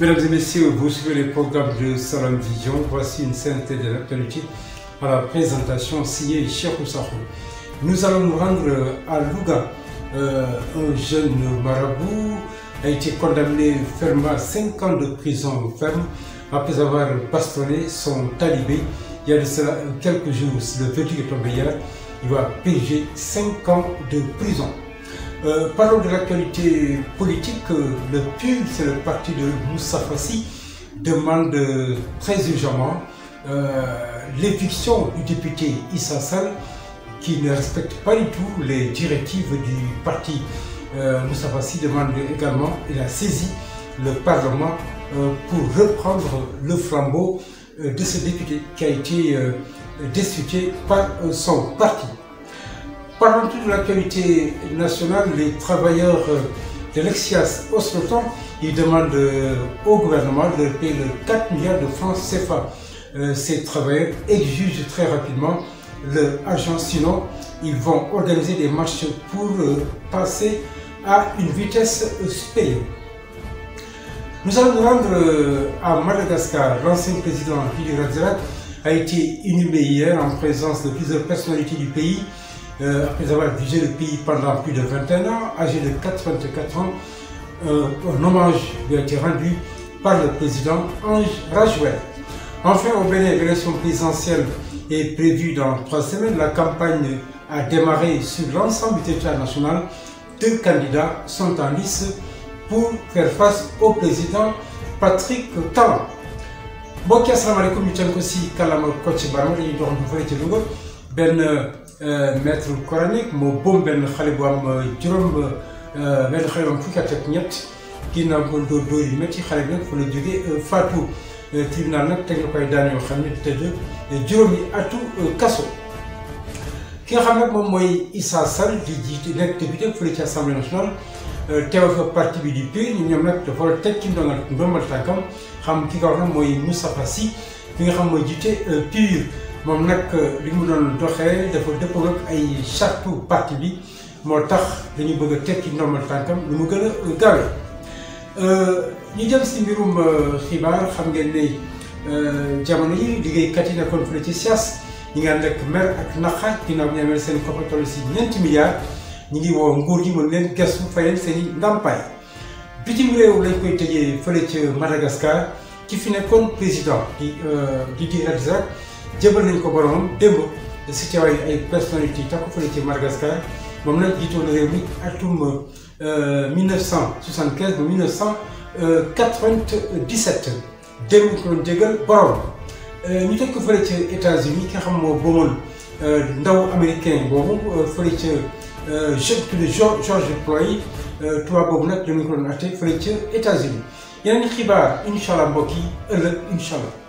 Mesdames et messieurs, vous suivez le programme de Salam Vision. Voici une synthèse de l'actualité à la présentation signée Cheikh Oussahou. Nous allons nous rendre euh, à Louga. Euh, un jeune marabout a été condamné fermement à 5 ans de prison ferme après avoir bastonné son talibé. Il y a de cela quelques jours, le verdict est tombé hier. Il de prison. Euh, parlons de l'actualité politique. Euh, le PULS, le parti de Moussa Fassi, demande très urgemment euh, l'éviction du député Issa Sall qui ne respecte pas du tout les directives du parti. Euh, Moussa demande également, il a saisi le Parlement euh, pour reprendre le flambeau euh, de ce député qui a été destitué par son parti. Parlons de l'actualité nationale. Les travailleurs euh, de l'Exias Osloton, ils demandent euh, au gouvernement de payer 4 milliards de francs CFA. Euh, ces travailleurs exigent très rapidement leur agent, sinon ils vont organiser des marches pour passer à une vitesse supérieure. Nous allons rendre à Madagascar. L'ancien président Vili Radzirat a été inhumé en présence de plusieurs personnalités du pays. euh, après avoir visé le pays pendant plus de 21 ans, âgé de ans, euh, hommage lui a été rendu par le président Ange Rajouel. Enfin, au Bénin, l'élection présidentielle est prévue dans trois semaines. La campagne a démarré sur l'ensemble du territoire national. Deux candidats sont en pour faire face au président Patrick Talon. mbokk yi asalaamaaleykum ñu tënk ko si kàllaama Kocc Barma dañuy dox ñu fële Euh, maître coranique moo boom benn xale bu am euh, juróom euh, benn xale bu am fukki at ak ñett ginnaaw ko dóor dóor yi métti xale bi nag fa la jógee faatu tribunal nag te na koy daan yoo xam ne te tëdd juróomi atu kaso ki nga xam ne moom mooy Issa Sall di jiite nekk député fële ci assemblée nationale teewal fa parti bi di PUR ñoom nag dafa teg ci ndongal ndombal tànkam xam ki nga wax nag mooy Moustapha Sy ki nga xam mooy jiite PUR moom nag euh, li mu doon doxee dafa dëppoo ak ay chartu parti bi moo tax dañu bëgg a tekki normal tànkam lu mu gën a gaawee euh, ñu jëm si mbirum euh, xibaar xam ngeen ne jamono yi liggéeykat yi nekkoon fële ci SIAS ñi nga ànd ak mer ak naqar ginnaaw bi seen koppar si ñeenti milliards ñi ngi woo nguur gi mën leen gestu fayal seen i ndàmpaay bitim réew lañ koy tëjee fële ca Madagascar ci fi nekkoon président di di di Ratzak jëbal nañ ko boromam démb si teewaay ay personnalités yi ci Madagascar moom na réew mi atum 1975 euh, ba 1997 démb ko doon jégal borom euh, ñu teg ko fële ci États-Unis ki nga xam moo boomoon euh, ndaw américain boobu fële ci jeune tudd George George Floyd tubaab boobu nag dañu ko doon atte fële ci États-Unis yeneen xibaar incha allah yi ëllëg